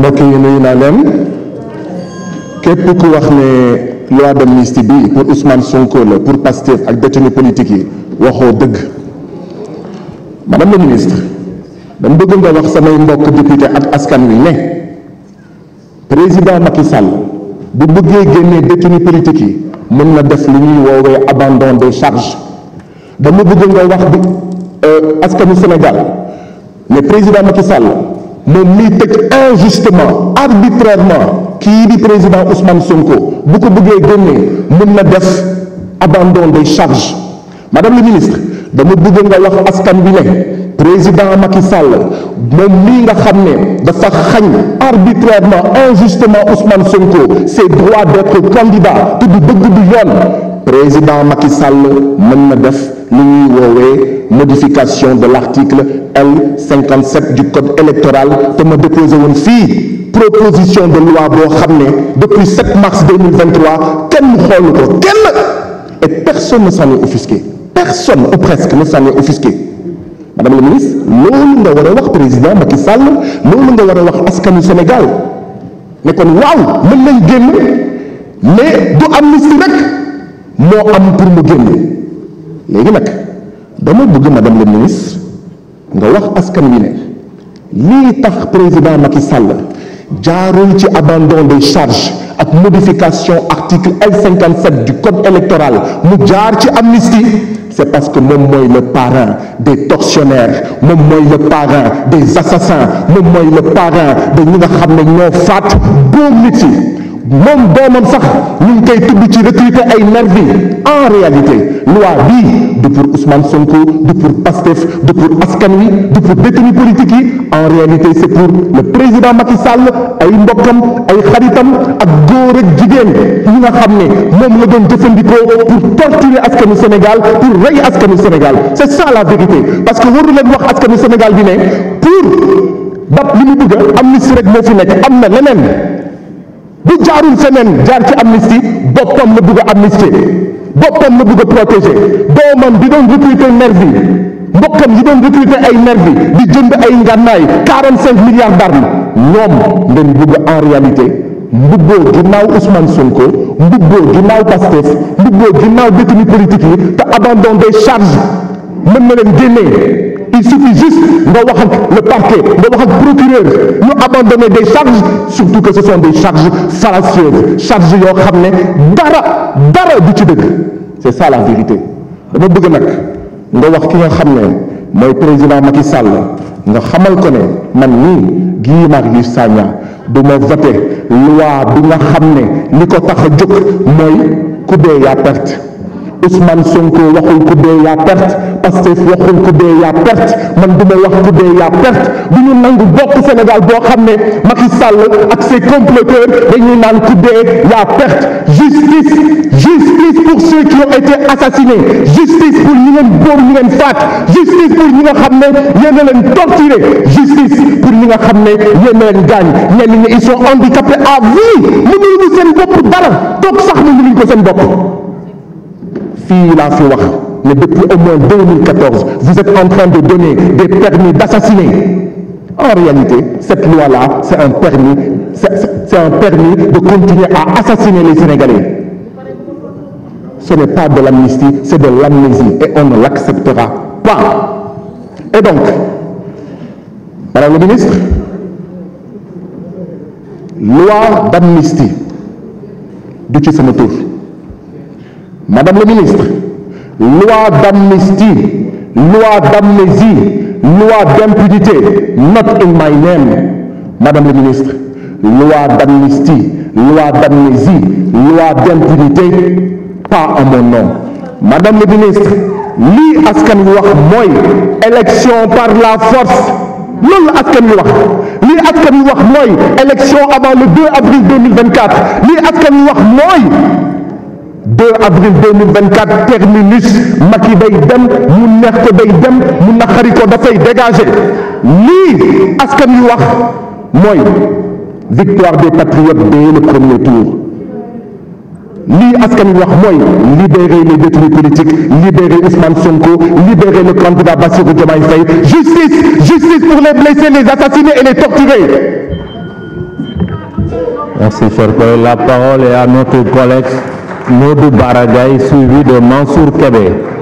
mbokk yi nuyu naa leen képp ku wax ne loi d'amnistie bi pour Ousmane Sonko la pour Pastef ak détenu politique yi waxoo dëgg madame la ministre dama bëgg nga wax samay mbokk député ak askan wi ne président Macky Sall bu bëggee génnee détenu politique yi mën na def lu ñuy woowee abandon de charge dama bëgg nga wax bi euh, askanu Sénégal ne président Macky Sall moom miy tëj injustement arbitrairement kii di président Ousmane Sonko bu ko bëggee génnee mën na def abandon des charges madame la ministre dama bëgg nga wax askan bi ne président Macky Sall moom mii nga xam ne dafa xañ arbitrairement injustement Ousmane Sonko ses droits d'être candidat te du dëgg du yoon président Macky Sall mën na def li ñuy woowee modification de l'article L 57 du code électoral te proposition de loi boo xam ne depuis 7 mars 2023 kenn xoolu ko kenn et personne ne s'en est offusqué personne ou presque ne s'en est offusqué la ministre loolu nga war a wax président Macky Sall loolu nga war a wax askanu Sénégal ne kon waaw mën nañ génn mais du amnistie rek moo am pour mu génn léegi nag dama bëgg madame la ministre nga wax askan wi ne lii tax président Macky Sall jaarul ci abandon des charges ak modification article L57 du code électoral mu jaar ci amnistie c'est parce que mu moy le parrain des tortionnaires moom mooy le parrain des assassins moom mooy le parrain de ñi nga xam ne ñoo faat góor nit yi moom doomam sax ñu ngi koy tudd ci recruter ay nervi en réalité loi bii du pour Ousmane Sonko du pour Pastef du pour askan wi du pour détenus politiques yi en réalité c'est pour président Macky Sall ay mbokkam ay xaritam ak góor ak jigéen mu nga xam ne moom la doon jëfandikoo pour torturer askanu Sénégal pour rey askanu Sénégal c'est ça la vérité parce que waru leen wax askanu Sénégal bi ne pour dab li mu bëgg amnistie rek moo fi nekk am na leneen bu jaarul feneen jaar ci amnistie boppam na bugg a amnistie boppam la bëgg a protéger doomam di doon recruter nervi mbokkam yi doon recruter ay nervi di jënd ay ngànnaay 45 milliards d'armes ngeen bëgg en réalité mbubboo ginnaaw Ousmane Sonko mbubboo ginnaaw Pastef mbubboo ginnaaw détenu politique yi te abandon des charges mën na leen génnee il suffit juste nga wax ak le parquet nga wax ak procureur ñu abandonner des charges surtout que ce sont des charges fallacieuses yoo xam ne dara dara du ci dëgg c'est ça la vérité dama bëgg nag nga wax ki nga xam ne mooy président Macky Sall nga xamal ko ne man nii Guy Marius Sagna du ma voter loi bi nga xam ne li ko tax a jóg mooy ku dee yaa perte Ousmane Sonko waxul ku dee yaa perte Pastef waxul ku dee yaa perte man du ma wax ku dee yaa perte du nangu bopp Sénégal boo xam ne Macky Sall ak ses comploteurs dañuy naan ku dee yaa perte justice justice pour ceux qui ont été assassinés justice pour ñi ngeen góor ñi ngeen faat justice pour ñi nga xam ne yéen a leen torturé justice pour ñi nga xam ne yéen a leen gaañ ñenn ñi ils sont handicapés à vie mënuñu seen bopp dara toog sax mënuñu ko seen bopp. fii laa fi wax mais depuis au moins vous êtes en train de donner des permis d'assassiner en réalité cette loi-là c'est un permis c'est un de continuer à assassiner les Sénégalais ce n'est pas de l'amnistie c'est de l'amnésie et on ne l'acceptera pas et donc madame la ministre loi d'amnistie du ci sama tur Madame le ministre, loi d'amnistie, loi d'amnésie, loi d'impudité, not in my name. Madame le ministre, loi d'amnistie, loi d'amnésie, pas en mon nom. Madame le ministre, lii askan wi wax élection par la force loolu la askan wi wax askan wi wax mooy élection avant le 2 avril 2024 lii askan wi wax 2 avril 2024 terminus Macky day dem mu neex ko day dem mu dégager lii askan yu mooy victoire des patriotes dès le premier tour lii askan yu wax mooy libérer les détenus politiques libérer le candidat Bassirou Diomaye justice justice pour les blessés les assassinés et les torturés Modou Baragaï suivi de Mansour Kébé.